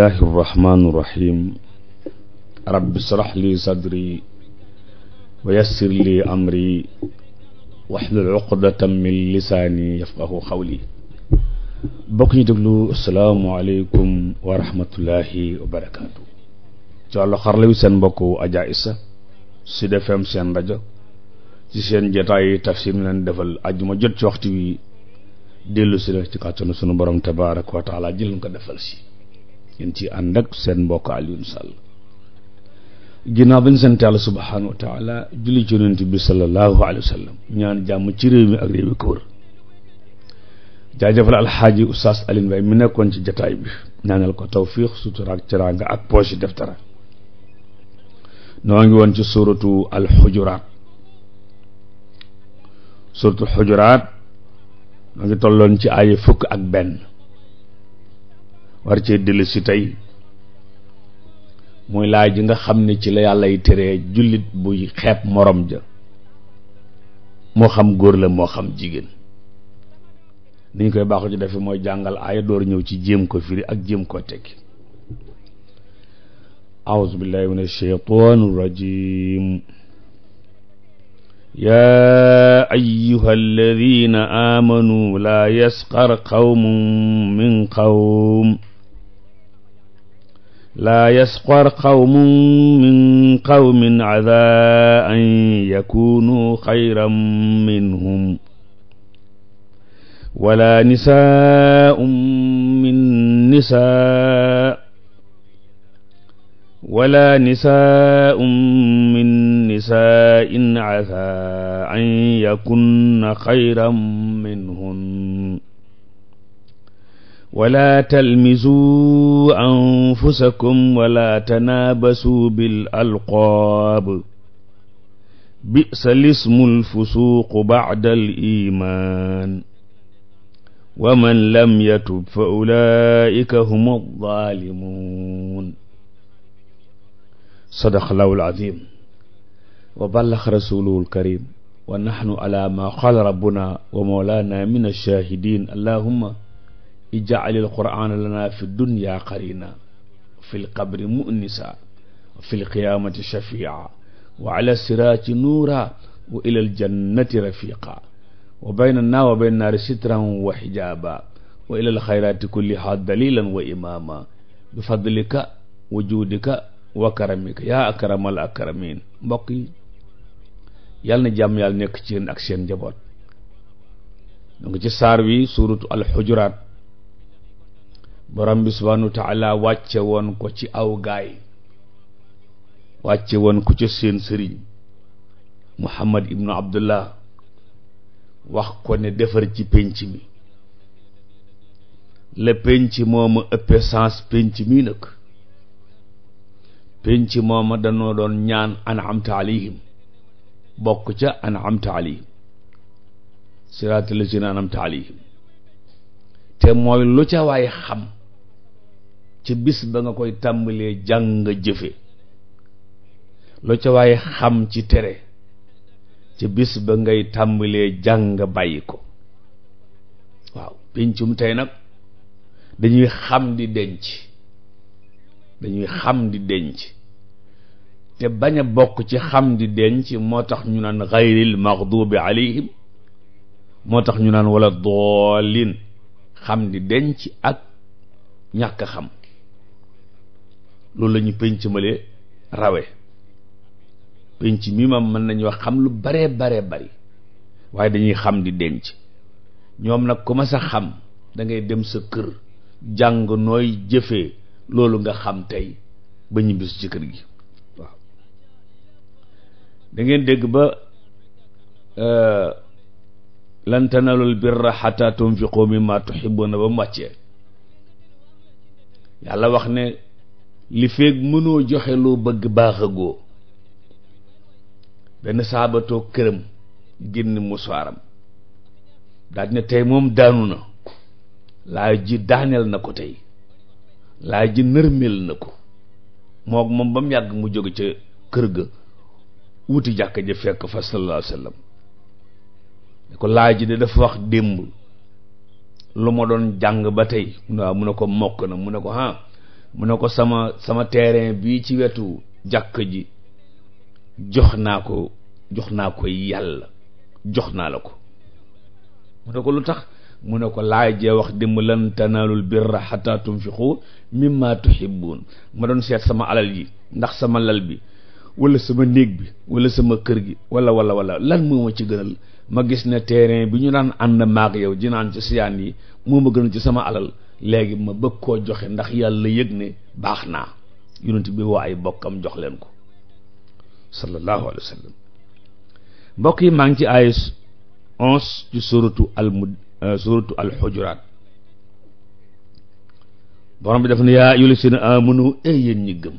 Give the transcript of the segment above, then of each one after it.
bismillahi irrahmani irrahim rabbi israh li sadri wa yassir li amri waxlul uqdatan min lisaani yafqahu xawli bokk ñu déglu asalaamualeykum wa rahmatullahi wa barakaatu ci wàllu xarala wi seen mbokk Adja Issa Sud FM seen rajo ci seen jotaayi tafsir mi leen defal ajjuma jot ci waxtu wi dellu si la ci kàttanu sunu borom tabaaraka wa taala jël ko defal si ngeen ci seen mbokk Alioune Sall bañ sant yàlla subhaanahu wa taala bi sallallahu alayhi wa sallam ñaan jàmm ci réew mi ak réew yi ko wër jaajëfal alxaaji oustaz Alioune Mbaye mi nekkoon ci jataay bi ñaanal ko su sutura ak teraanga ak poche def dara noo ngi woon ci suratu alxujuraat xujuraat noo ngi tolloon ci aaya fukk ak benn war cee dellu si tey muy laaj ji nga xam ne ci la yàlla yi teree jullit buy xeeb morom ja moo xam góor la moo xam jigéen ni ñu koy baaxu ci defe mooy jàngal aaya door ñëw ci jéem ko firi ak jéem ko tekki أعوذ بالله من الشيطان الرجيم يا أيها الذين آمنوا لا يسخر laa yasxar qawmun min qawmin asaa an yakunu xayran minhum wala nisaaun min nisaa wala nisaaun min nisaain asaa an yakunna xayran minhun ولا تلمزوا أنفسكم ولا تنابسوا بالألقاب بئس الاسم الفسوق بعد الإيمان ومن لم يتب فأولئك هم الظالمون صدق الله العظيم وبلغ رسوله الكريم ونحن على ما قال ربنا ومولانا من الشاهدين اللهم ijaalil qur'aana lana fi dunya qarina fi lqabri munisa fi lqiyaamati shafia wa ala siraati nuura wa ila aljannati rafiqa wa baynana wa bayna naari sitran wa xijaaba wa ila alxayraati kulliha dalilan wa imaama bi fadlika wa juudika wa karamika yaa akramal akramin mbokk yi yàlla na jàmm yàlla nekk ci yéen ak seen njaboot donc ci saar wi suuratu alxujuraat borom bi subhaanahu wa wàcce woon ko ci aw gaay wàcce woon ko ca seen sëriñ muhammad ibnu abdullah wax ko ne defar ci pénc mi la pénc mooma ëppe sens pénc mi nag pénc mooma danoo doon ñaan an'amta alayhim bokk ca an'amta alayhim siraatal lazina an'amta alayhim te mooy lu ca waay xam ca bis ba nga koy tàmbalee jàng jëfe lu ca waaye xam ci tere ca bis ba ngay tàmbalee jàng bàyyi ko waaw pencum tey nag dañuy xam di denc dañuy xam di denc te bañ a bokk ci xam di denc moo tax ñu naan xayril maxdubi alayhim moo tax ñu naan wala doolin xam di denc ak ñàkk xam loolu la ñu penc male rawe penc mi mam mën nañu wax xam lu baree bare bari waaye dañuy xam di denc ñoom nag ku ma sa xam dangay dem sa kër jàng nooy jëfe loolu nga xam tey ba ñu bis ci kër gi waaw dégg ba euh, lan tanalul birra hatta tunfiqu mimma tuhibbuna ba mu wàccee yàlla wax ne li feeg mënoo joxe loo bëgg baaxagoo benn saabatoo këram génn musaaram daal ne tey moom daanu na laa ji daaneel na ko tey laa ji nërmeel na ko mook moom ba mu yàgg mu jóge ca kër ga wuti jàkka ja fekk fa sallallahu alayhi wa ko laa ji de dafa wax démb lu ma doon jàng ba tey mu ne waaw ko mokk na mu ne ko ah mu ne ko sama sama terrain bii ci wetu jàkk ji jox naa ko jox naa ko yàlla jox naa la ko mu ne ko lu tax mu ne ko laay jee wax démb lan raxataatum birra xataa tunfiqu mimma tuhibbun ma doon seet sama alal yi ndax sama lal bi wala sama néeg bi wala sama kër gi wala wala wala lan moo ci gënal ma gis ne terrain bi ñu daan ànd maag yow jinaan ci siyaan yi moo ma gënal ci sama alal léegi ma bëgg koo joxe ndax yàlla yëg ne baax naa yonent bi woo ay bokkam jox leen ko sallallahu alayhi wa sallam mbokk yi maa ngi ci aaya onze ci suratu al mud euh, suratu al bi daf ne yaa ayyuhal lazina amanu e yéen ñi gëm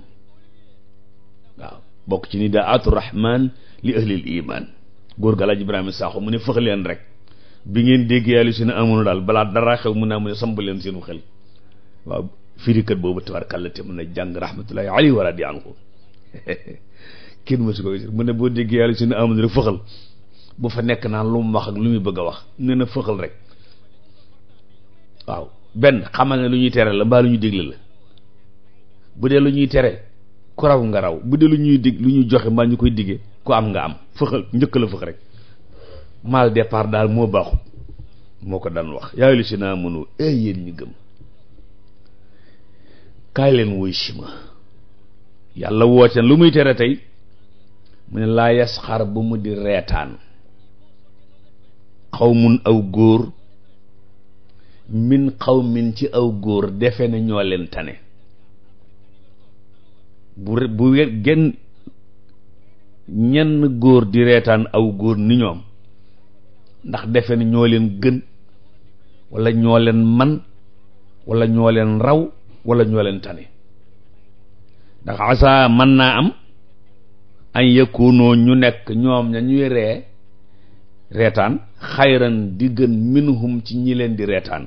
waaw ci ni daa aatu rahman li ahlil iman góor ga Alaaji Ibrahima Saaxo mu ne fëx leen rek bi ngeen dégg yàlla si amoon daal balaa dara xew mun naa mu ne ba leen seenu xel waaw firikat boobu tabarkàlla te mën na jàng rahmatullahi alayhi wa radi anhu kenn mësu ko gis mu ne boo déggee yàlla si ne amoon rek fëxal bu fa nekk naan lu mu wax ak lu muy bëgg a wax nee na fëxal rek waaw benn xamal ne lu ñuy tere la mbaa lu ñuy dégle la bu dee lu ñuy tere ku raw nga raw bu dee lu ñuy dig lu ñuy joxe mbaa ñu koy diggee ku am nga am fëxal njëkk la fëx rek mal départ daal moo baaxul moo ko daan wax yaayu li si naa mënu ey eh, yéen ñu gëm kaay leen wuy si ma yàlla woote lu muy tere tey mu ne laa yasxar bu mu di reetaan xawmun aw góor min xawmin ci aw góor defe na ñoo leen tane bu bu genn ñenn góor di reetaan aw góor ni ñoom ndax defe na ñoo leen gën walla ñoo leen man wala ñoo leen raw wala ñoo leen tane ndax asa mën naa am ay yëkkoonoo ñu nekk ñoom ña ñuy ree reetaan xayran di gën minhum ci ñi leen di reetaan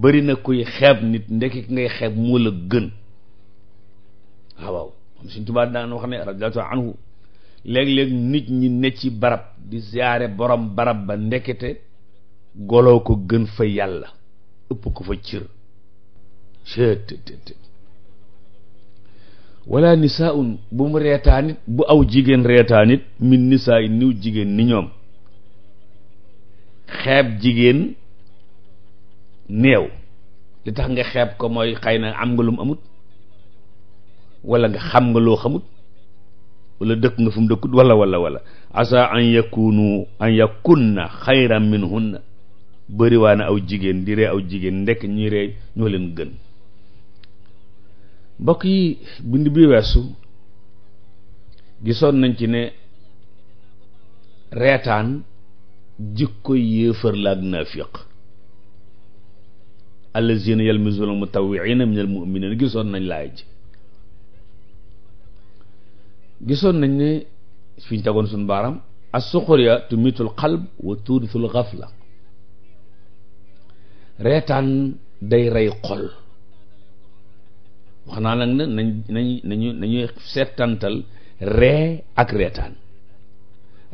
bari na kuy xeeb nit ndekki ngay xeeb moo la gën waaw waaw suñ tubaab daan wax ne radiyallahu anhu léeg-léeg nit ñi ne ci barab di siyaare borom barab ba ndekete goloo ko gën fa yàlla ëpp ko fa cër cëtëtëtë wala bu mu reetaanit bu aw jigéen reetaanit min nisaa yi niw jigéen ni ñoom xeeb jigéen néew li tax nga xeeb ko mooy xay na am nga lum amut wala nga xam nga loo xamut wala dëkk nga fu mu dëkkut wala wala walla asa an yakunu an yakunna xayran minhunna bëri waa aw jigéen di ree aw jigéen ndekk ñuy ree ñoo leen gën mbokk yi bind bi weesu gisoon nañ ci ne reetaan jikko yéefar la ak naafiq allazina yalmizuna mutawwi'ina minal mu'minina gisoon nañ laay gisoon nañ ne fi ñu tegoon suñu baaram as-suxriya tumitul qalb wa tuuritul xafla reetaan day rey xol wax naa nag ne nañ nañ nañu seetantal ree ak reetaan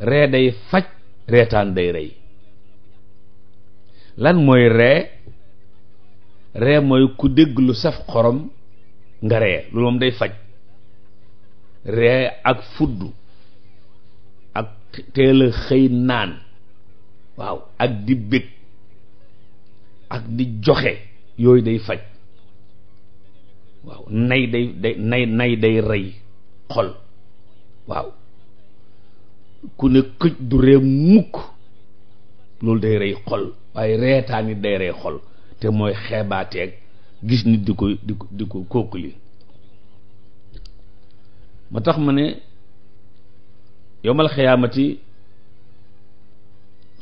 ree day faj reetaan day rey lan mooy ree ree mooy ku dégg lu saf xorom nga ree loolu moom day faj ree ak fudd ak teel xëy naan waaw ak di bég ak di joxe yooyu day faj waaw nay day day nay nay day rey xol waaw ku ne këj du ree mukk loolu day rey xol waaye reetaan it day rey xol te mooy xeebaateeg gis nit di ko di ko di ko kooku li ma tax ma ne yowmal xiyaamati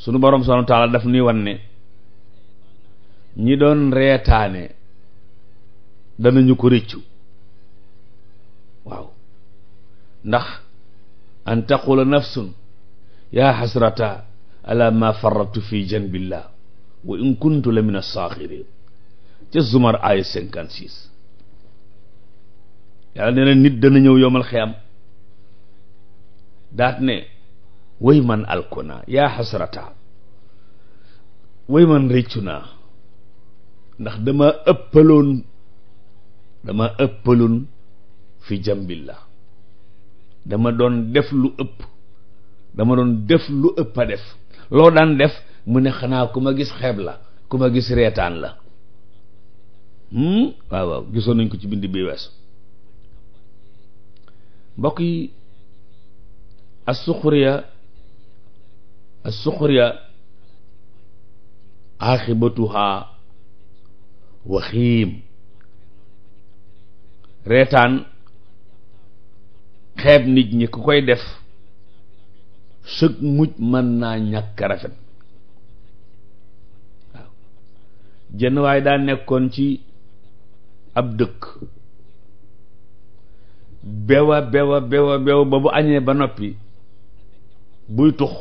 sunu borom subhaanahu wa taala daf nuy wan ne ñi doon reetaane danañu ko rëccu waaw ndax an taqula nafsun yaa xasrata ala ma farratu fi janbillah wa in kuntu la min assaaxirin ca zumar aaya cinquante yàlla nee na nit dana ñëw yomal xiyam daat ne way man alku naa yaa xasrata way man réccu naa ndax dama ëppaloon dama ëppaloon fi la dama doon def lu ëpp dama doon def lu ëpp def loo daan def mu ne xanaa ku ma gis xeeb la ku ma gis reetaan la hmm? waaw waaw gisoon nañ ko ci bind bi weesu mbokk yi assuxriya assuxriya aaxibatuha waxiim reetaan xeeb nit ñi ku koy def sëg mujj mën naa ñàkk rafet waaw waay daa nekkoon ci ab dëkk bewa bewa bewa ba bu añee ba noppi buy tux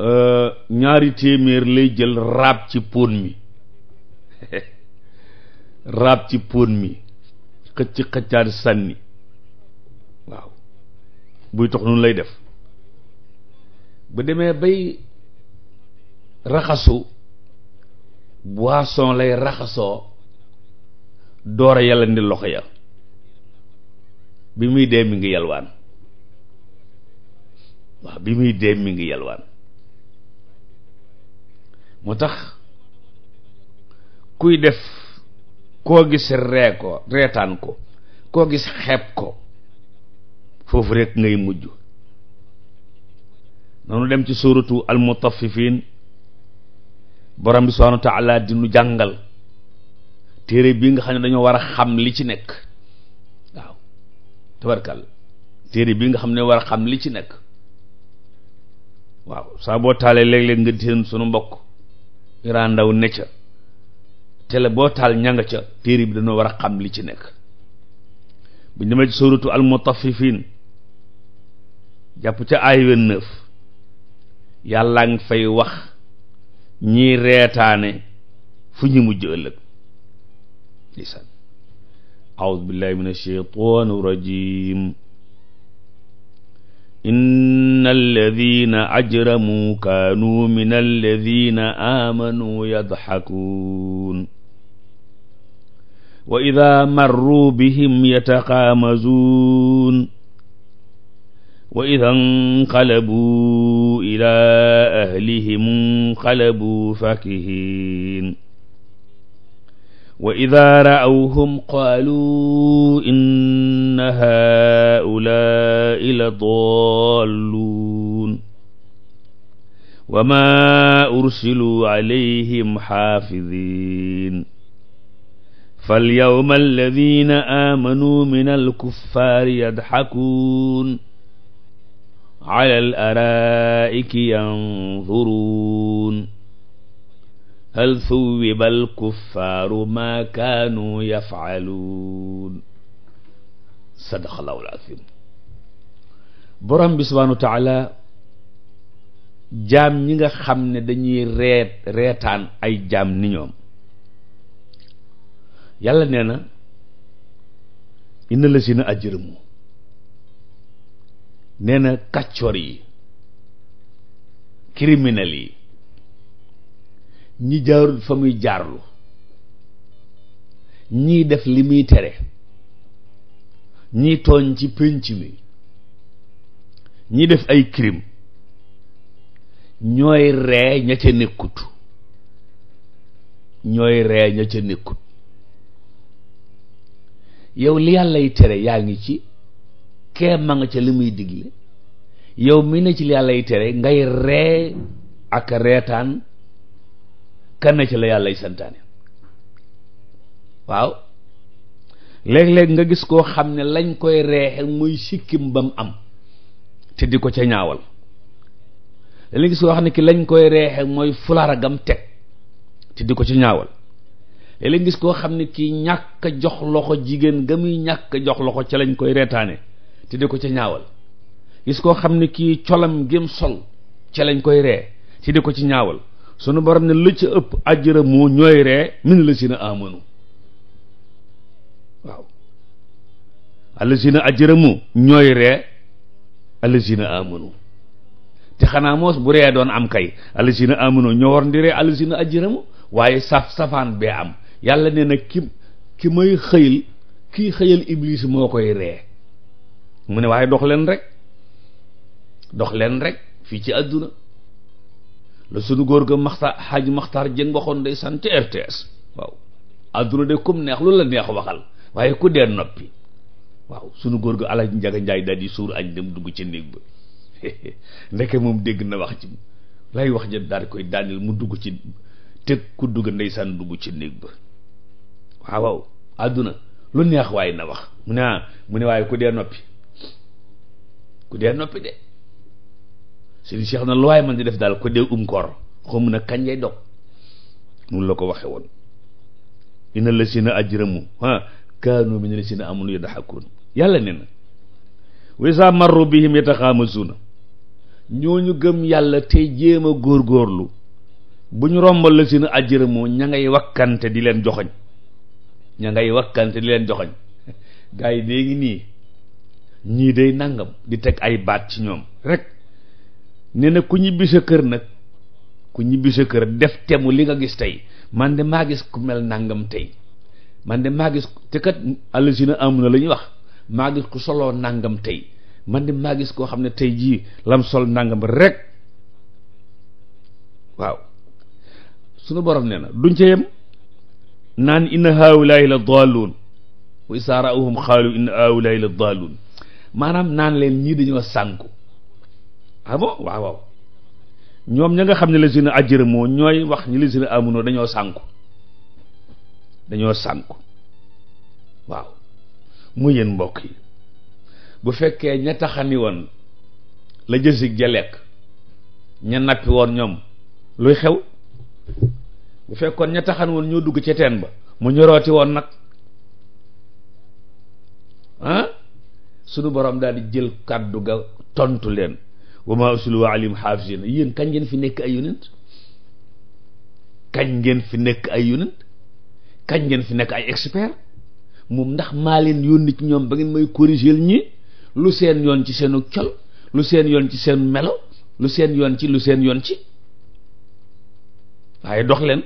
euh, ñaari téeméer lay jël raab ci pon mi raab ci pon mi xëcc xëccaan sànni waaw buy tux nun lay def bu demee bay raxasu boisson lay raxasoo doora yàlla ndi loxo ya bi muy dee mi ngi yalwaan waaw bi muy dee mi ngi yalwaan mu tax kuy def koo gis ree ko reetaan ko koo gis xeeb ko foofu rek ngay mujj noonu dem ci suuratu almutaffifin borom bi subhanahu wa taala jàngal téere bii nga xam ne dañoo war a xam li ci nekk tabarkal téere bi nga xam ne war a xam li ci nekk waaw saa boo taalee léeg-léeg nga seen sunu mbokk iraa ndaw ne ca te la boo taal ñanga ca téere bi dañoo war a xam li ci nekk bu ñu demee ci suuratu jàpp ca ay vingt-neuf yàllaa ngi fay wax ñiy reetaane fu ñu mujj ëllëg أعوذ بالله من الشيطان الرجيم إن الذين أجرموا كانوا من الذين آمنوا يضحكون وإذا مروا بهم يتقامزون وإذا انقلبوا إلى أهلهم انقلبوا فكهين wa ida raawhum qaalu inna haulaai la dalluun wa ma ursiluu alayhim xaafidin falyawma alladina aamanuu min alkuffaari yadxakuun ala alaraaiki yanzuruun hal thuwiba alkuffaaru maa kaanu yafaaluun sadaqallahu alazim borom bi subhanahu wa jaam ñi nga xam ne dañuy reet reetaan ay jaam ni ñoom yàlla nee na inna la si na ajërëmu nee na kàccoor yi criminel yi ñi jaarul fa muy jaarlu ñii def li muy tere ñii tooñ ci pénc mi ñii def ay crime ñooy ree ña ca nekkut yow li yàllay tere yaa ngi ci kee ma nga ca li muy digle yow mi ne ci li yàllay tere ngay ree ak reetaan kan ci la yàllay santaane waaw léeg-léeg nga gis koo xam ne lañ koy reexe muy sikkim ba mu am te di ko ca ñaawal lañ gis xam ne ki lañ koy reexe mooy fulara gam teg ko ca ñaawal léeg gis koo xam ne kii ñàkk a jox loxo jigéen ga muy ñàkk a jox loxo ca lañ koy reetaane te di ko ca ñaawal gis koo xam ne kii colam gém sol ca lañ koy ree te di ko ci ñaawal sunu borom ne lu ëpp àjjira moo ñooy ree min la si na amanu waaw allasina ajramu ñooy ree allasina amanu te xanaa moos bu ree doon am kay allasina amanu ñoo war ndi ree allasina ajramu waaye saf safaan bee am yàlla nee na ki ki may xëyil kii xëyal iblis moo koy ree mu ne waaye dox leen rek dox leen rek fii ci àdduna la sunu góor gi maxtaar xaaj maxtaar jëng waxoon day sant RTS waaw adduna de kum neex lu la neex waxal waaye ku dee noppi waaw sunu góor gi alaaj njaga njaay daal di suur añ dem dugg ci néeg ba ndeke dégg na wax lay wax ja daal koy daaneel mu dugg ci teg ku dugg ndeysaan dugg ci néeg waaw àdduna lu neex waaye na wax mu ne ah, mu ne waaye ku dee noppi ku dee noppi de sëriñ Cheikh na lu waaye man di def daal ko dee um koor xamu na kañ ngay dog noonu la ko waxe woon inna la sina ajramu ha kaanu min la sina amanu yadhakuun yàlla ne na wa isa marru bihim yataxaamasuuna ñooñu gëm yàlla te jéem a góorlu bu ñu rombal la sina ajramu ña ngay wakkante di leen joxoñ ña ngay wakkante di leen joxoñ gars yi ngi nii ñii dey nangam di teg ay baat ci ñoom rek nee na ku ñibbi sa kër nag ku ñibbi sa kër def temu li nga gis tey man de maa gis ku mel nangam tey man de maa gis te kat allasina la ñuy wax maa ku soloo nangam tey man de maa gis koo xam ne tey jii lam sol nangam rek waaw sunu borom nee na duñ ca yem naan inna haawulaay la daaluun wa isaa raawhum xaalu inna haawulaay la daaluun maanaam naan leen ñii dañoo sànku ah waaw waaw ñoom ña nga xam ne la sina ajjërëmoo ñooy wax ñi la sina amunoo dañoo sànku dañoo sànku waaw mu yéen mbokk yi bu fekkee ña taxani woon la jësig ja lekk ña nappi woon ñoom luy xew bu fekkoon ña taxan woon ñoo dugg ca teen ba mu ñorooti woon nag ah sunu borom daal di jël kàddu ga tontu leen waa maa ursilu alayhim haafizina yéen kañ ngeen fi nekk ay yonent kañ ngeen fi nekk ay yonent kañ ngeen fi nekk ay expert moom ndax maa leen yónni ci ñoom ba ngeen may corriger ñi lu seen yoon ci seenu col lu seen yoon ci seen melo lu seen yoon ci lu seen yoon ci waaye dox leen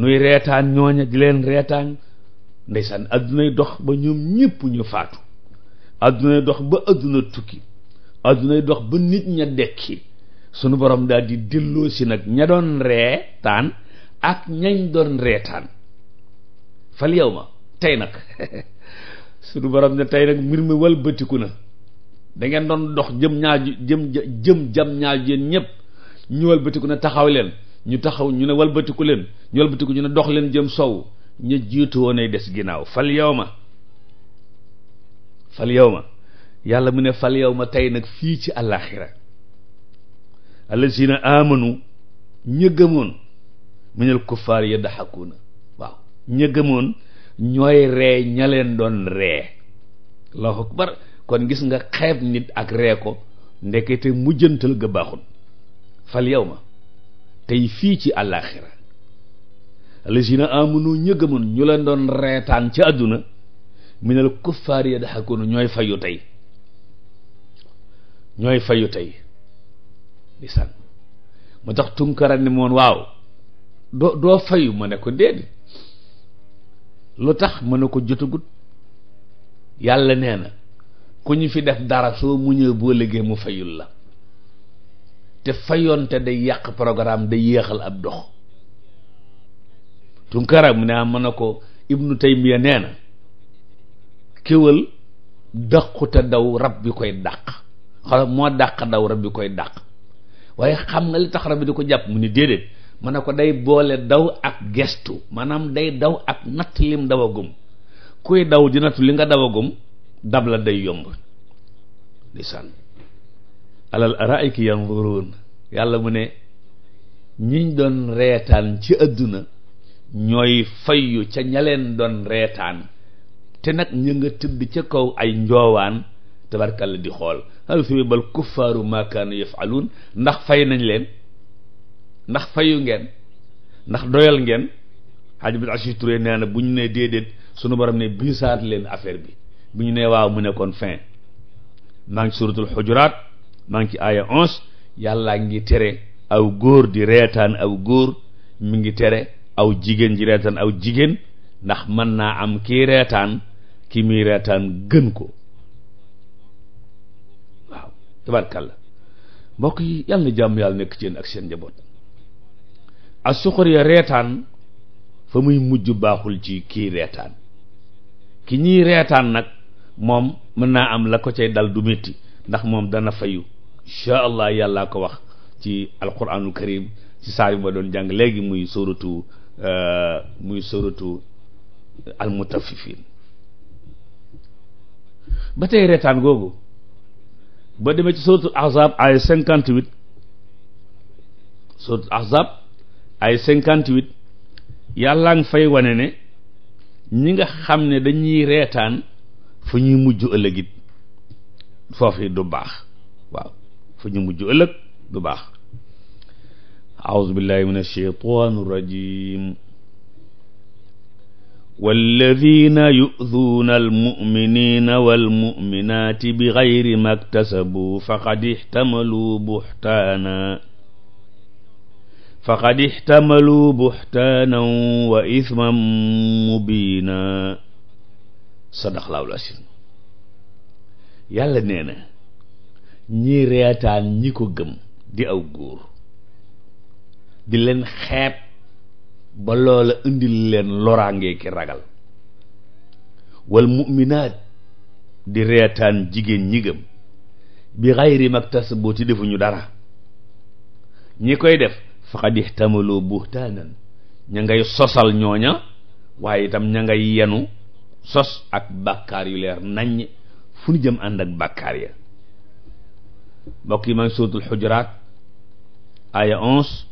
nuy reetaan ñooña di leen reetaan ndeysaan addunay dox ba ñoom ñépp ñu faatu addunay dox ba adduna tukki adduna yi dox ba nit ña dekki sunu borom daal di delloo si nag ña doon reetaan ak ñañ doon reetaan fal yow ma tey nag sunu borom ne tey nag mbir mi walbatiku na dangeen doon dox jëm ñaaju jëm jëm jam ñaaju yéen ñëpp ñu walbatiku na taxaw leen ñu taxaw ñu ne walbatiku leen ñu walbatiku ñu ne dox leen jëm sow ña jiitu woon ay des ginnaaw fal yow ma fal yow ma yàlla mu ne fal yow ma tey nag fii ci àllaaxira allazina amanu ña gëmoon minal kuffaar yadhakuuna waaw ña ñooy ree ña leen doon ree loxo akbar kon gis nga xeeb nit ak ree ko ndekete mujjantal ga fal yow ma tey fii ci àllaaxira allazina amanu ña gëmoon ñu leen doon reetaan ci àdduna mu minal kuffaar yadhakuuna ñooy fayu tey ñooy fayu tey di mu tax tunkara ni moon waaw doo doo fayu ma ne ko déedéet lu tax ma ne ko jotagut yàlla nee na ku ñu fi def dara soo muñee boo liggéey mu fayul la te fayoon te day yàq programme day yéexal ab dox tunkara mu ne am ah, mën a ko ibnu taymiya nee na kéwal daw rab bi koy dàq xolo moo dàq daw rab bi koy dàq waaye xam nga li tax rab bi di ko jàpp mu ni déedéet ma ne ko day boole daw ak gestu maanaam day daw ak natt lim dawagum kuy daw di nattu li nga dawagum dab la day yomb di sànn alal araiki yanzurun yàlla mu ne ñiñ doon reetaan ci àdduna ñooy fayyu ca ña leen doon reetaan te nag ñu nga tëdd ca kaw ay njoowaan tabarkalla di xool hal thubibal kuffaaru maa kaanu yafaluun ndax fay nañ leen ndax fayu ngeen ndax doyal ngeen xaaj bi Achille Touré nee na bu ñu nee déedéet sunu borom ne biisaat leen affaire bi bu ñu nee waaw mu nekkoon fin maa ngi suratul xujuraat maa ngi ci aaya onze yàllaa ngi tere aw góor di reetaan aw góor mi ngi tere aw jigéen ji reetaan aw jigéen ndax mën naa am kii reetaan ki muy reetaan gën ko la mbokk yi yàlla na jàmm yàlla nekk ci yéen ak seen njaboot ak suxar ya reetaan fa muy mujj baaxul ci kii reetaan ki ñii reetaan nag moom mën naa am la ko cay dal du métti ndax moom dana fayu incha allah yàllaa ko wax ci alquranul karim ci saar bi ma doon jàng léegi muy sóoratu euh, muy sóoratu almutafifin ba tey reetaan googu ba demee ci suratul ahzab ay cinquante huit suratul ahzab ay cinquante huit yàllaa ngi fay wane ne ñi nga xam ne dañuy reetaan fu ñuy mujj ëllëg it foofu du baax waaw fu ñu mujj ëllëg du baax aouzu billahi min alsheitan walladina yuduuna almuminina walmuminaati bi gayri ma ktasabu faqad ixtamaluu buxtaana faqad ixtamaluu buxtaanan wa isman mubiina sadaqallaahu l-asiim yàlla nee na ñi reetaan ñi ko gëm di aw góor di leen xeeb ba loola indi leen loraangee ki ragal wal mu'minaat di reetaan jigéen ñi gëm bi xayri maktasabati defuñu dara ñi koy def faqad ihtamalu buhtaanan ña ngay sosal ñooña waaye itam ña ngay yenu sos ak bàkkaar yu leer naññ fu ñu jëm ànd ak bàkkaar ya mbokk yi ma xujuraat aya onze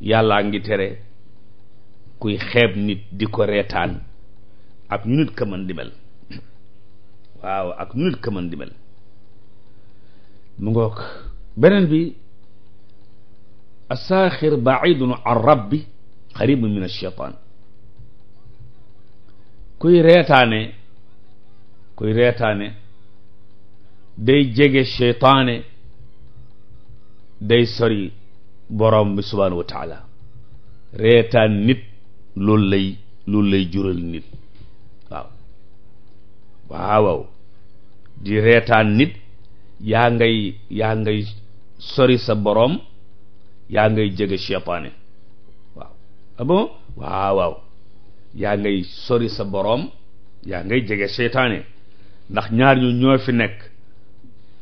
yàllaa ngi tere kuy xeeb nit di ko reetaan ab ñu nit ak ñu ka mën mu ngoog beneen bi asaaxir baidun an rabbi xaribun min alcheytaan kuy reetaane kuy reetaane day jege cheytaane day sori borom bi subhanahu wa loolu lay loolu lay jural nit waaw waaw di reetaan nit yaa ngay yaa ngay sori sa boroom yaa ngay jege seytaane waaw ah yaa ngay sori sa boroom yaa ngay jege seytaane ndax ñaar ñu ñoo fi nekk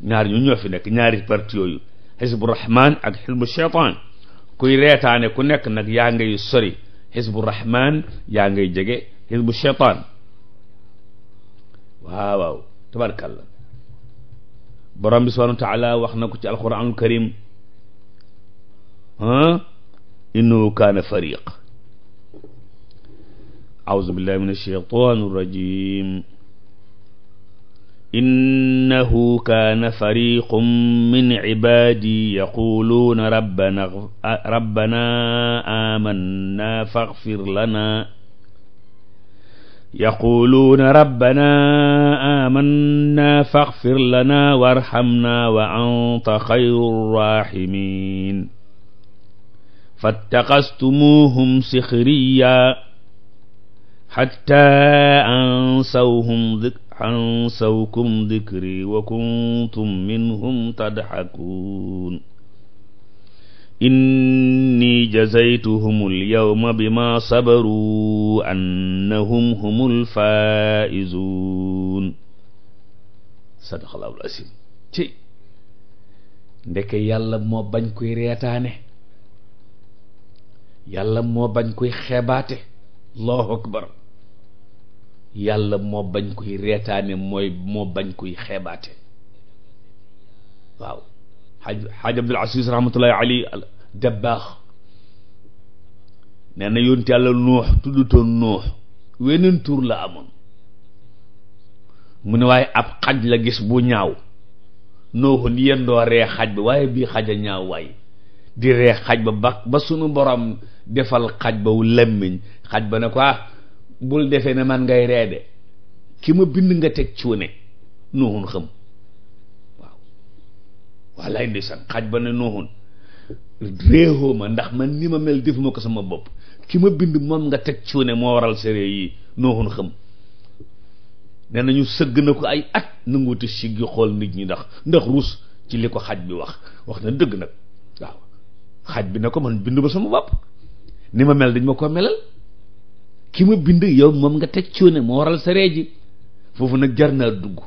ñaar ñu ñoo fi nekk ñaari parti yooyu xisbu rahmaan ak xisbu seytaan kuy reetaane ku nekk nag yaa ngay sori xisbu rahman yaa ngay jege xisbu shaytaan waaw waaw tabarkalla borom bi subhanahu wa taala wax na ko ci alquranul karim innahu kaana fariq auzu billahi min alshaytan arrajim innahu kaana fariqum min cibaadi yaquluuna rabbana rabbana aamanna faghfir lana yaquluuna rabbana aamanna faghfir lana warhamna wa anta khayru raahimin fattaqastumuhum sikhriya hatta ansawhum dhikra ansawkum dikri wa kuntum minhum tadxakuun inni jazaytuhum alyawma bima sabaru annahum humul faa'izuun sadaqallaahu al-aziim ci ndeke yàlla moo bañ koy reetaane yàlla moo bañ koy xeebaate allahu akbar yàlla moo bañ kuy reetaane mooy moo bañ kuy xeebaate waaw xaaj xaaj abdul asiis rahmatullahi ali dabbaax nee na yonent yàlla nuux tuddutoon nuux weneen tur la amoon mu ne waaye ab xaj la gis bu ñaaw nooxun yendoo ree xaj ba waaye bii xaj a ñaaw waay di ree xaj ba ba ba sunu borom defal xaj ba wu lemmiñ xaj ba ne ko ah bul defee ne man ngay reede ki ma bind nga teg cuune nuuxun xam waaw wallaay ndeysaan xaaj ba ne nuuxun réexoo ma ndax man ni ma mel defuma ko sama bopp ki ma bind moom nga teg cuune moo waral sérée yi nuuxun xam nee nañu sëgg na ko ay at nanguwuti siggi xool nit ñi ndax ndax ruus ci li ko xaaj bi wax wax na dëgg nag waaw xaaj bi ne ko man bind ba sama bopp ni ma mel dañ ma ko melal ki ma bind yow moom nga teg cóone moo waral sa ree ji foofu nag jar naa dugg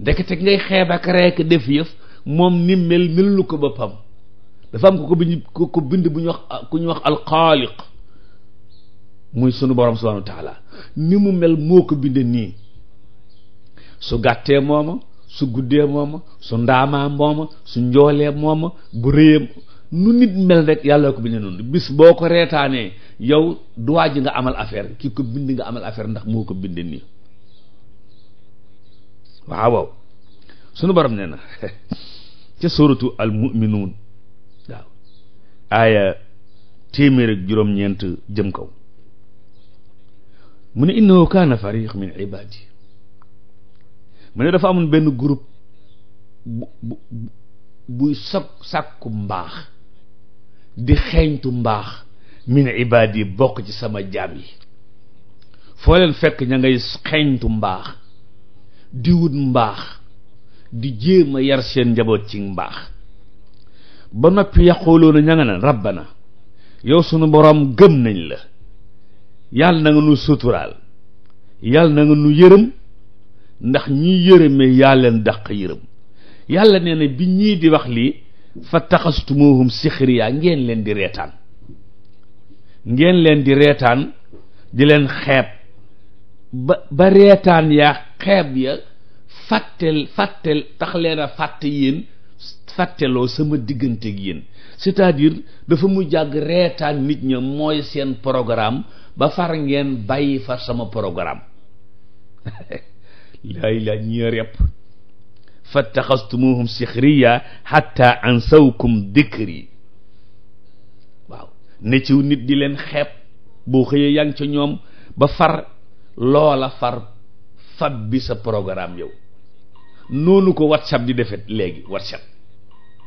ndekete ngay xeeb ak reek def yëf moom ni mel melulu ko boppam dafa am ko ko bind bu ñu wax ku ñu wax alxaaliq muy sunu borom subhanahu wa ni mu mel moo ko binde nii su gàttee mooma su guddee mooma su ndaamaa mooma su njoolee mooma bu rëyee nu nit mel rek yàlla ko binde noonu bis boo ko reetaanee yow duwaa ji nga amal affaire ki ko bind nga amal affaire ndax moo ko bind nii waaw waaw sunu borom nee na ca suratu al waaw aaya téeméer ak juróom-ñeent jëm kaw mu ne innahu kaana fariq min ibadi mu ne dafa amoon benn groupe bu bu buy sag sàkku mbaax di xeeñtu mbaax min ibaadi bokk ci sama jaam yi foo leen fekk ña ngay xeeñtu mbaax di wut mbaax di jéem yar seen njaboot ci mbaax ba noppi yaquluuna ña nga naan rabbana yow sunu boroom gëm nañ la yàlla na nga nu suturaal yàlla na nu yërëm ndax ñiy yërëme yaa leen daq yërëm yàlla nee na bi ñuy di wax lii fa taxastumuhum yaa ngeen leen di reetaan ngeen leen di reetaan di leen xeeb ba ba reetaan yaa xeeb ya fàttel fàttel tax leen a fàtte yéen fàtteloo sama diggante ak yéen dafa mu jàgg reetaan nit ña mooy seen programme ba far ngeen bàyyi fa sama programme laay laa ñëer yépp fattaxastumuhum sixriya xatta ansawkum dikri ne ciw nit di leen xeeb boo xëyee yaa ca ñoom ba far loola far fab bi sa programme yow noonu ko whatsapp di defe léegi whatsapp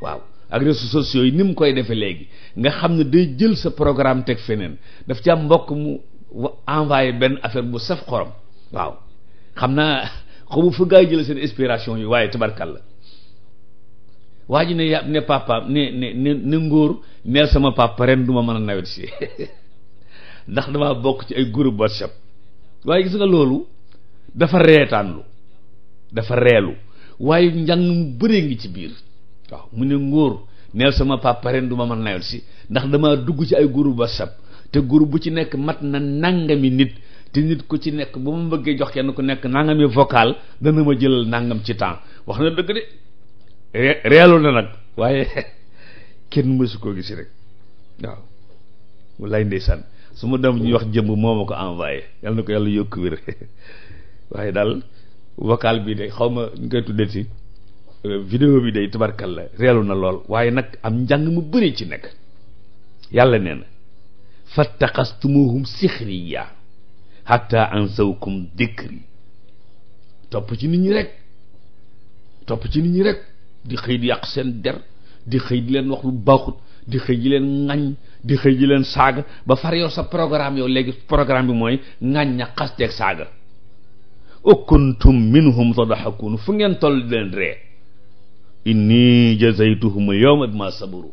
waaw ak réseaux sociaux yi ni mu koy defee léegi nga xam ne day jël sa programme teg feneen daf ci am mbokk mu envoyé benn affaire bu saf xorom waaw xam naa xamu fa gaa yi jël seen inspiration yi waaye tabarkal la waa ji ne yà ne papa ne ne ne ne ngóor neel sama papa ren mën a nawet si ndax damaa bokk ci ay groupe whatsapp waaye gis nga loolu dafa reetaanlu reelu waaye njàng mu ngi ci biir mu ne ngóor neel sama papa ren mën a nawet ndax damaa dugg ci ay groupe whatsapp te groupe bu ci nekk mat na nangami nit te nit ku ci nekk bu ma bëggee jox kenn ku nekk nangami vocal dana ma jëlal nangam ci temps wax na dëgg de. re reelu na nag waaye kenn mësu koo gis rek waaw wallaay ndeysaan su ma dem ñuy wax jëmb moom ma ko envoyé yal na ko yàlla yokk wér waaye daal vocal bi de xaw ma ñu koy tuddee ci euh, vidéo bi day tabarkal la reelu na lool waaye nag am njàng mu bëri ci nekk yàlla nee na fattaxastumuhum sixriya hatta dikk dikri topp ci nit ñi rek topp ci nit ñi rek di xëy di yàq seen der di xëy di leen wax lu baaxut di xëy di leen ŋañ di xëy di leen saaga ba far yow sa programme yow léegi programme bi mooy ŋañ ña xasteeg saaga ukuntum minhum tadahakun fu ngeen toll di leen ree inni jazaytuhum yawma bima sabaru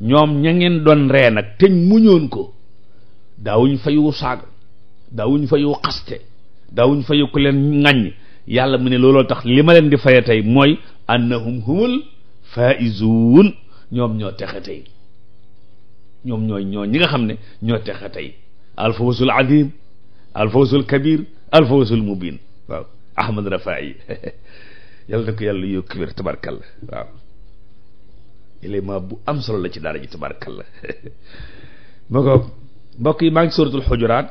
ñoom ña ngeen doon ree nag teñ muñoon ko daawuñ fayu saaga daawuñ fayu xaste daawuñ fayu ku leen ŋañ yàlla mu ne looloo tax li ma leen di faye tey mooy annahum humul faaizuun ñoom ñoo texe tey ñoom ñooy ñoo ñi nga xam ne ñoo texe tey alfawsul azim alfawsul kabir alfawsul mubin waaw ahmad rafai yàlla na ko yàlla yokk wér tabarkalla waaw élément bu am solo la ci daara ji tabarkalla ma ko mbokk yi maa ngi suratul xujuraat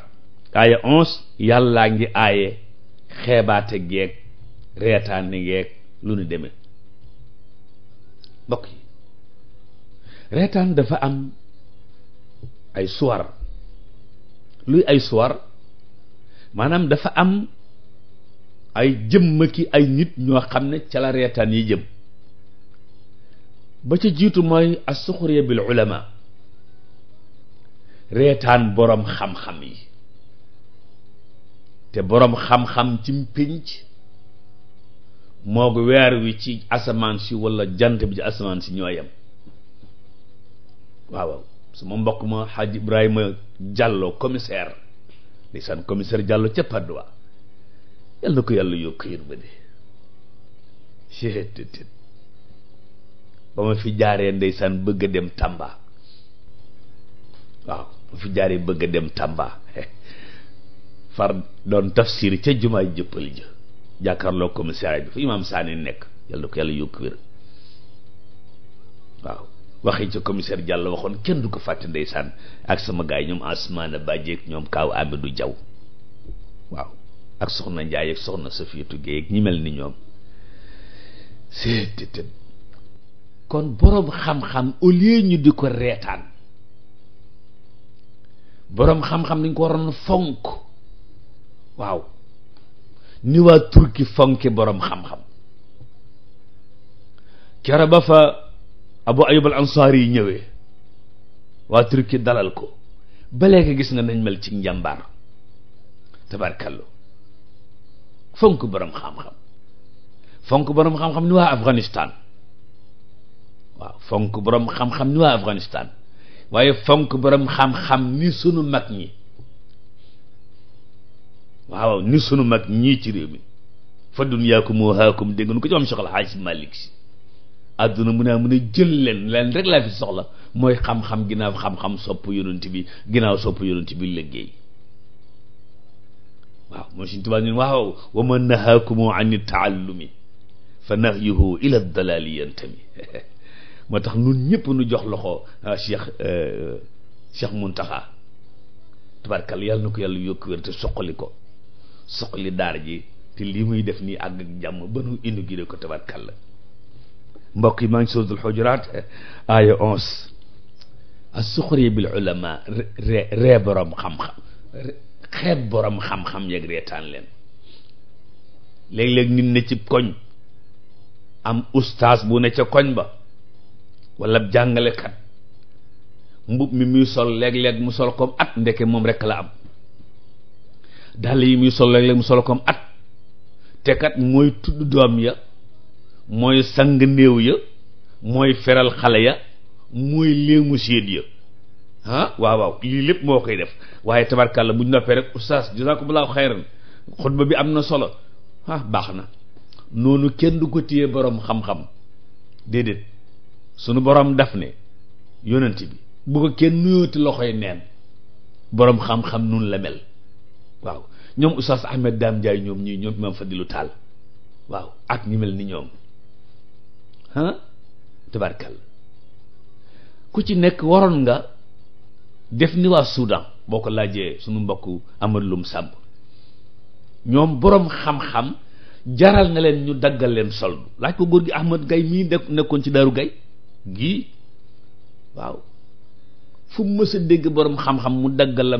aaya onze yàllaa ngi aaye xeebaate geeg reetaane geeg lu nu demee bokk reetaan dafa am ay suwar luy ay suwar maanaam dafa am ay jëmm ki ay nit ñoo xam ne ca la reetaan yi jëm ba ca jiitu mooy assuxriya bil ulama reetaan boroom xam-xam yi te boroom xam-xam ci mpinc moo ko weer wi ci asamaan si walla jant bi ci asamaan si ñoo yem waaw sama mbokk ma Hadj Ibrahima Diallo commissaire di san commissaire Diallo ca Padoa yàlla na ko yàlla yokk yërmande ba ma fi jaaree ndeysaan bëgg a dem Tamba waaw ma fi jaaree bëgg a dem Tamba far doon tafsir ca jumaay jëppal ja jàkkaarloo commissariat bi fu imaam Sané nekk yàlla ko yàlla yokk wér waaw waxee ca commissaire Diallo waxoon kenn du ko fàtte ndeysaan ak sama gars yi ñoom Asmaana Badiek ñoom Kaaw Amidou Diaw waaw ak soxna Ndiaye ak soxna Safiatou Guèye ak ñi mel ni ñoom seet kon boroom xam-xam au lieu ñu di ko reetaan boroom xam-xam dañ ko waroon fonk waaw ni waa turki fonki borom xam-xam kere ba fa abu ayub al ansaari yi ñëwee waa turki dalal ko ba léegi gis nga nañ mel ci njàmbaar tabarkallu fonk borom xam-xam fonk borom xam-xam ni waa afghanistan waaye fonk borom xam-xam ni sunu mag ñi waaw ni sunu mag ñii ci réew mi fa dunyaakum wa haakum nu ko ci am soxla xaaj Malick si àdduna mu ne mun a jël leen leen rek laa fi soxla mooy xam-xam ginnaaw xam-xam sopp yonent bi ginnaaw sopp yonent bi liggéey waaw mooy suñ tubaab ñun waaw wa man nahaakumu an taallumi fa nahyuhu ila dalaali yantami moo tax nun ñëpp nu jox loxo ah, Cheikh euh, Cheikh Muntaxa tabarkal yàlla na ko yàlla yokk wér te soqali ko suqali daar ji te lii muy def nii àgg ak jàmm ba nu indi gi de ko tabarkàlla mbokk yi maa ngi suuratul xujuraat aaya bil ulama ree ree borom borom xam-xam leen léeg-léeg nit ne ci koñ am ustaas bu ne ca koñ ba walla jàngalekat mbubb mi muy sol léeg-léeg mu sol ko at ndeke moom rekk la am dàll yi muy sol la léeg mu solo comme at te kat mooy tudd doom ya mooy sang néew ya mooy feral xale ya mooy léemu séet ya ah waaw waaw lii lépp moo koy def waaye tabarkàlla bu ñu noppee rek oustaz jazakumullahu xayran xutba bi am na solo ah baax na noonu kenn du ko téye boroom xam-xam déedéet sunu boroom daf ne yonent bi bu ko kenn nuyooti loxoy neen boroom xam-xam nun la mel waaw ñoom oustaz Ahmed Dame Ndiaye ñoom ñii ñoom Imam Fadilu taal waaw ak ñu mel ni ñoom ah ku ci nekk waroon nga def ni waa Soudan boo ko laajee sunu mbokku Amadou Loum ñoom boroom xam-xam jaral na leen ñu daggal leen sol laaj ko góor gi Ahmed Gay mii nekkoon ci Daaru Gay gii waaw fu mës dégg boroom xam-xam mu daggal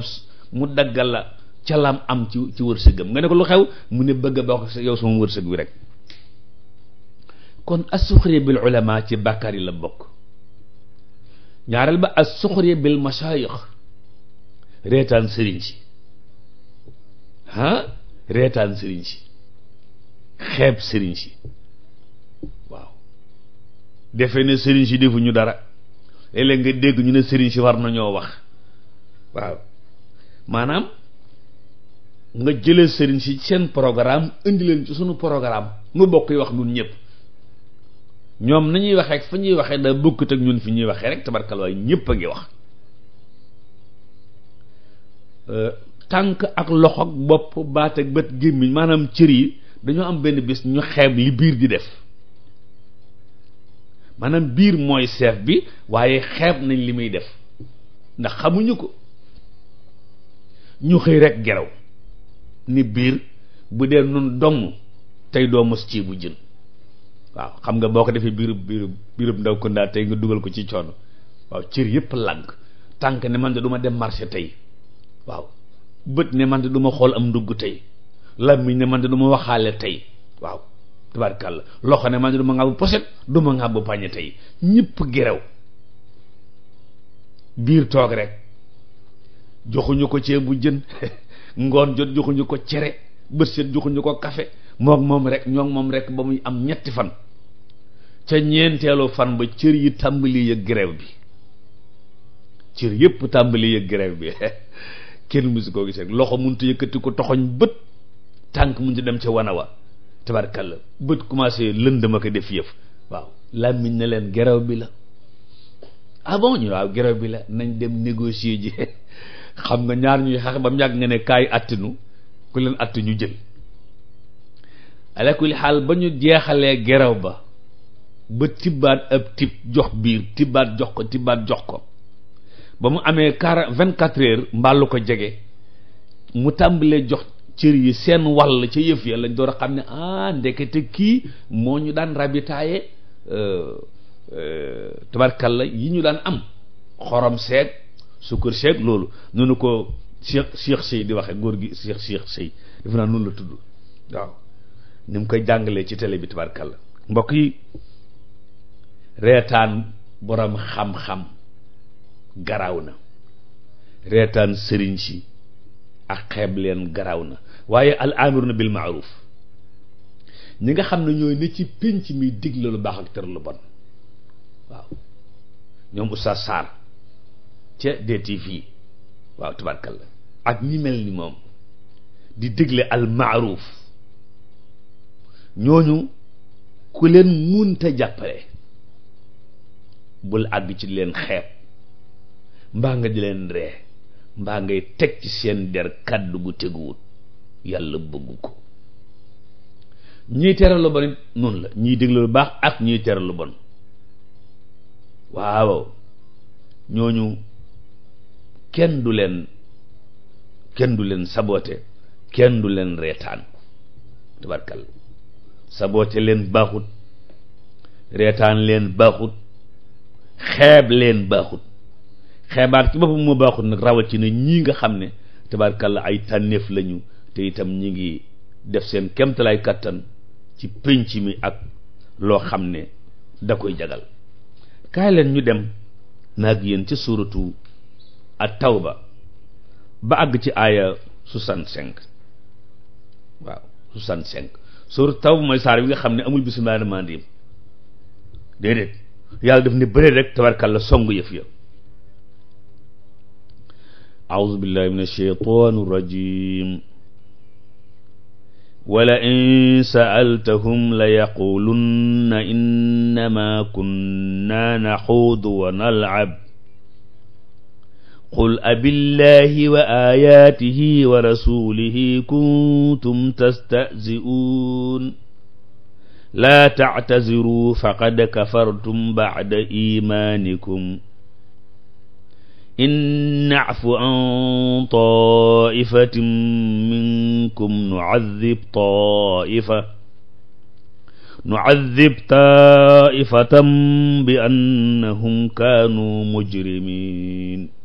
mu daggal la ca am ci ci wërsëgam nga ne ko lu xew mu ne bëgg a bokk yow sama wërsëg wi rek kon asuxri bil ulama ci bàkkaar yi la bokk ba asuxri bil masayix reetaan sëriñ si ah reetaan sëriñ si xeeb sëriñ si waaw defe ne sëriñ si defuñu dara léeg-léeg nga dégg ñu ne sëriñ si war nañoo wax waaw maanaam nga jëlee sëriñ si seen programme indi leen ci sunu programme nu bokk yi wax nun ñëpp ñoom nañuy waxee ak fa ñuy waxee da bokkut ak ñun fi ñuy waxee rek tabarkal waaye ñëpp a ngi wax euh, tànk ak loxo bopp baat bët gémmiñ maanaam cër yi dañoo am benn bis ñu xeeb li biir di def maanaam biir mooy chef bi waaye xeeb nañ li muy def ndax xamuñu ko ñu xëy rek geraw ni biir bu dee nun dong tey doo mos ci bu jën waaw xam nga boo ko defee biirub biirub biirub ndaw kondaa tey nga dugal ko ci coono waaw cër yëpp lànk tànk ne man de du dem marché tey waaw bët ne man de du xool am ndugg tey làmmiñ ne man de du ma waxaale tey waaw tabarkàlla loxo ne man de du ma ngàbbu poset du ma ngàbbu pañe tey ñëpp gerew biir toog rek joxuñu ko ceebu jën ngoon jot joxuñu ko cere bët set joxuñu ko kafe moom moom rek ñoo moom rek ba muy am ñetti fan ca ñeenteelu fan ba cër yi tàmbali yëg grève bi cër yëpp tàmbali yëg grève bi kenn musu koo gis rek loxo mënut yëkkati ko toxoñ bët tànk mënut dem ca wana wa tabarkalla bët commencé lëndama ko def yëf waaw làmmiñ na leen grève bi la ah bon waaw grève bi la nañ dem négocier ji xam nga ñaar ñuy xeex ba mu yàgg nga ne kaay attinu ku leen att ñu jël ala kulli xaal ba ñu jeexalee geraw ba ba tibbaat ab tib jox biir tibbaat jox ko tibbaat jox ko ba mu amee quarante vingt quatre heures mbaalu ko jege mu tàmbalee jox cër yi seen wàll ca yëf ya lañ door xam ne ah ndekete kii moo ñu daan rabitaaye euh, euh, tabarkalla yi ñu daan am xorom seeg sukkur seeg loolu nunu ko Cheikh Cheikh Sey di waxe góor gi Cheikh Cheikh Sey def naa noonu la tudd waaw ni mu koy jàngalee ci télé bi tabarkalla mbokk yi reetaan borom xam-xam garaaw na reetaan sëriñ si ak xeeb leen garaaw na waaye al na bil maaruf ñi nga xam ne ñooy ne ci pénc mi digle lu baax ak tere lu bon waaw ñoom Oustaz Sarr ca DTV waaw tubarkalla ak ñi mel ni moom di dégle al maaruuf ñooñu ku leen munta jàppale bul àgg ci leen xeeb mbaa nga di leen ree mbaa ngay teg ci seen der kàddu gu teguwut yàlla bëgg ko ñiy teral lu bon it noonu la ñuy déglu lu baax ak ñuy teral lu bon waaw ñooñu kenn du leen kenn du leen saboote kenn du leen reetaan tabarkal sabote leen baaxut reetaan leen baaxut xeeb leen baaxut xeebaat ci boppam moo baaxut nag rawatina ñii nga xam ne tabarkal ay tànneef lañu te itam ñi ngi def seen kemtalaay kàttan ci pénc mi ak loo xam ne da koy jagal kaay leen ñu dem naag yéen ci suuratu at tawba ba àgg ci aaya 65 waaw 65 suur taw mooy saar bi nga xam ne amul bisimilah rahmaan rahim déedéet yàlla daf ne bëri rek tabarkàlla songu yëf ya أعوذ بالله من الشيطان الرجيم ولئن سألتهم ليقولن إنما كنا نخوض ونلعب qul abillahi wa aayaatihi wa rasuulihi kuntum tastahzi'uun laa tactaziruu faqad kafartum bacda iimaanikum in nacfu an taa'ifatin minkum nucadib taa'ifa nucadib taa'ifatan bi annahum kaanuu mujrimiin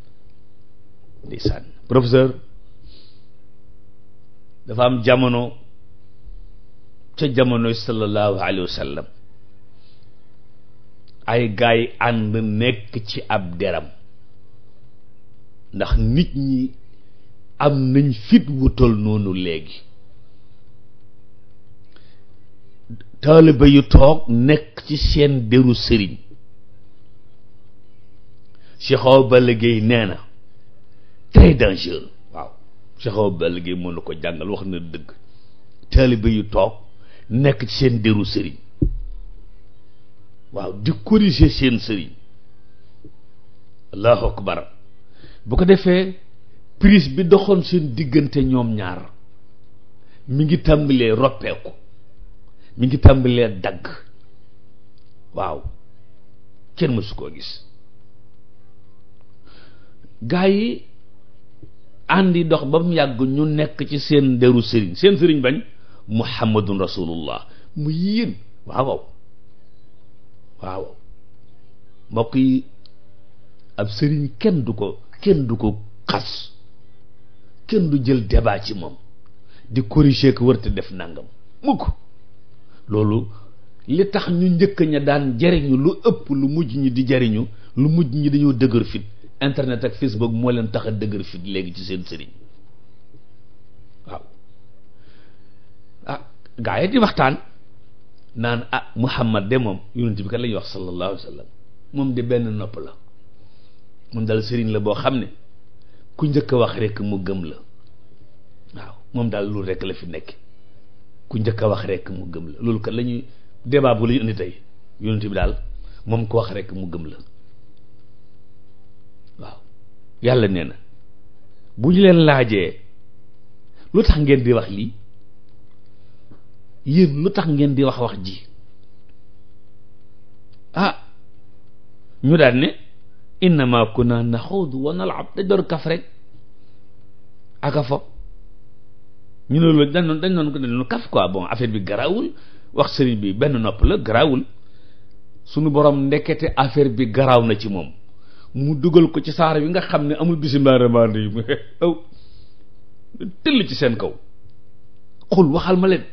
ndeysaan professeur dafa am jamono ca jamonoy sallallahu alayhi wa ay gaay yi ànd nekk ci ab deram ndax nit ñi am nañ fit wutal noonu léegi taalibe yu toog nekk ci seen deru sëriñ si xaw ba liggéey nee na très dangereux waaw Cheikh Balla Gaye mënu ko jàngal wax na dëgg taalibe yu toog nekk ci seen deru sëriñ waaw di corriger seen sëriñ allahu akbar bu ko defee prise bi doxoon seen diggante ñoom ñaar mi ngi tàmbalee roppeeku mi ngi tàmbalee dagg waaw kenn mësu koo gis gaa yi àndi dox ba mu yàgg ñu nekk ci seen deru sëriñ seen sëriñ bañ muhammadun rasulullah mu yéen waaw waaw waaw mbokk yi ab sëriñ kenn du ko kenn du ko xas kenn du jël débat ci moom di corriger ko wërte def nangam mukk loolu li tax ñu njëkk ña daan jariñu lu ëpp lu mujj ñi di jariñu lu mujj ñi dañoo dëgër fit internet ak facebook moo leen tax a dëgër fit léegi ci seen sëriñ waaw ah gaa yi di waxtaan naan ah muhammad de moom yonent bi kat la wax sallallahu alayhi wa moom de benn nopp la moom daal sëriñ la boo xam ne ku njëkk wax rekk mu gëm la waaw moom daal loolu rek la fi nekk ku njëkk a wax rek mu gëm la loolu kat la ñuy débat tey yonent bi daal moom ko wax rek mu gëm la yàlla nee na bu ñu leen laajee lu tax ngeen di wax lii yéen lu tax ngeen di wax wax ji ah ñu daan ne innama kunna na wa nalab dañ doon kaf rek aka fo ñu ne loolu dañ doon dañ doon dañ doon kaf quoi bon affaire bi garaawul wax sëriñ bi benn nopp la garaawul suñu boroom ndekete affaire bi garaaw na ci moom mu dugal ko ci saar wi nga xam ne amul bisimilah rahmaan rahim aw tëll ci seen kaw xul waxal ma leen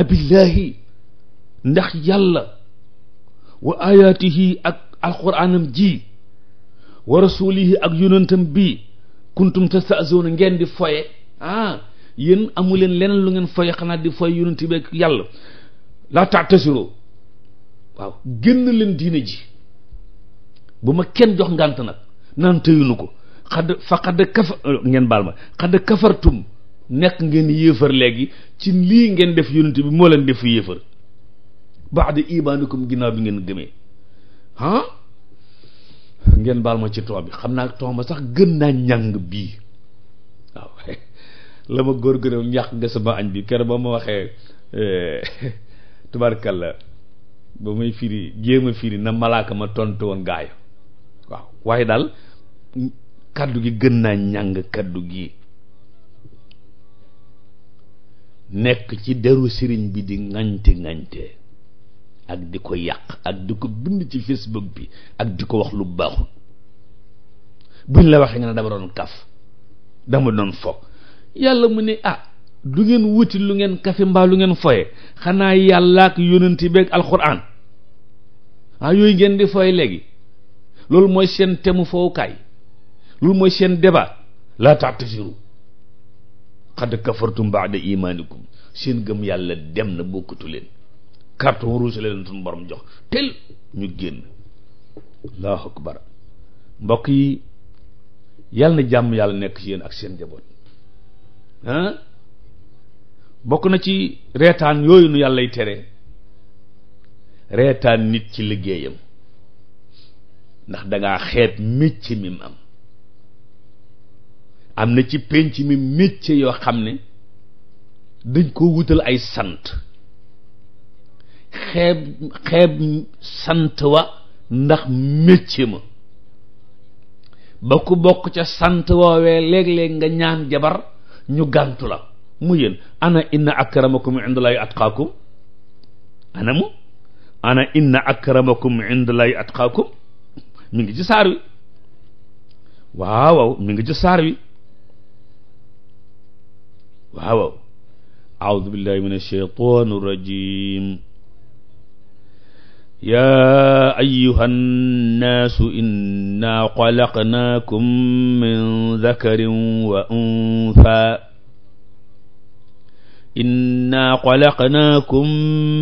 abillaahi ndax yàlla wa ayaatihi ak alquraanam ji wa rasulihi ak yonantam bii kuntum tastahzi'uuna ngeen di foye ah yéen amu leen leneen lu ngeen foye xanaa di foye yonanti beeg yàlla laa ta'taziroo waaw génn leen diine ji bu ma kenn jox ngànt nag naan tëyunu ko xadd fa xadd kafa ngeen baal ma xadd kafartum nekk ngeen yéefar léegi ci lii ngeen def yonent bi moo leen def yéefar baada imaanikum ginnaaw bi ngeen gëmee ah ngeen baal ma ci too bi xam naa too ma sax gën naa njàng bii waaw la ma góor gënoon ñàq nga sama añ bi keroog ba ma waxee eh, tubaarkalla ba may firi jéem a firi na malaaka ma tontu woon gaayo waaw waaye daal kàddu gi gën naa njàng kàddu gi nekk ci deru sëriñ bi di ŋañte ŋañte ak di ko yàq ak di ko bind ci facebook bi ak di ko wax lu baaxul buñ la waxee nga ne dama doon kaf dama doon fo yàlla mu ne ah du ngeen wuti lu ngeen kafi mbaa lu ngeen foye xanaa yàlla ak yónent beeg alxuraan ah yooyu ngeen di foye léegi loolu mooy seen temu fowukaay loolu mooy seen débat laa taatasiru xad kafartum baada imaanikum seen gëm yàlla dem na bokkatu leen carton rouge leen suñu borom jox tel ñu génn allahu akbar mbokk yi yàlla na jàmm yàlla nekk ci yéen ak seen njaboot bokk na ci reetaan yooyu nu yàllay tere reetaan nit ci liggéeyam ndax dangaa xeeb mécc mi am am na ci pénc mi mécc yoo xam ne dañ ko wutal ay sant xeeb xeeb sant wa ndax mécc ma ba bokk ca sant woowee léeg-léeg nga ñaan jabar ñu gàntu la mu yéen ana inna akramakum indallahi atqaakum ana mu ana inna akramakum indallahi atqaakum mi ngi ci saar wi waaw waaw mi ngi ci saar wi waaw waaw aoudu billahi min alsheytan arrajim yaa ayuha nnaasu inna xalaqnaakum min dakarin wa untha innaa xalaqnaakum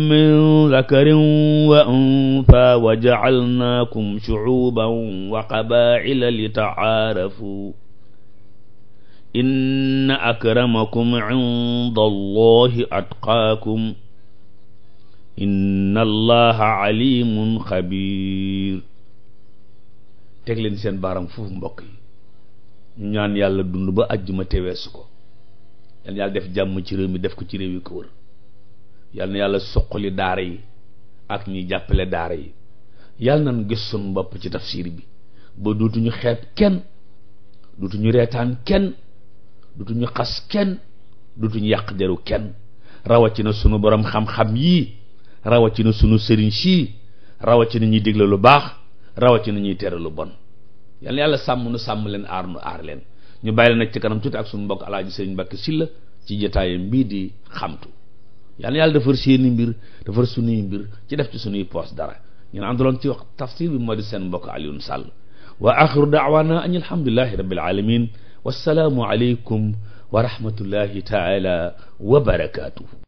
min zakarin wa unfa wa jacalnaakum shucuuban wa qabaa'ila li tacaarafu inna akramakum inda allahi atqaakum inna allaha alimun xabiir teg leen seen baaram foofu mbokk yi ñu ñaan yàlla dund ba àjjuma te weesu ko yal na yàlla def jàmm ci réew mi def ko ci réew yi ko wër yal na yàlla suqali daara yi ak ñi jàppale daara yi na nañ gis suñ bopp ci tafsir bi ba dootuñu xeeb kenn dootuñu reetaan kenn dootuñu xas kenn dootuñu yàq deru kenn rawatina sunu borom xam-xam yii rawatina sunu sëriñ sii na ñuy digle lu baax na ñuy teralu bon yal yàlla sàmm nu sàmm leen aar nu aar leen. ñu bàyyi la nag ci kanam tuuti ak suñu mbokk alaaji sëriñ Mbàkke Sylla ci jotaayam bii di xamtu yàlla yàlla defar seeni mbir defar suñuy ci def ci suñuy poos dara ñu àndaloon ci wax tafsir bi moo di seen mbokk Alioune Sall wa axiru daawaana an alhamdulillahi rabbil alamin wassalaamu aleykum wa rahmatullahi taala wa barakaatuhu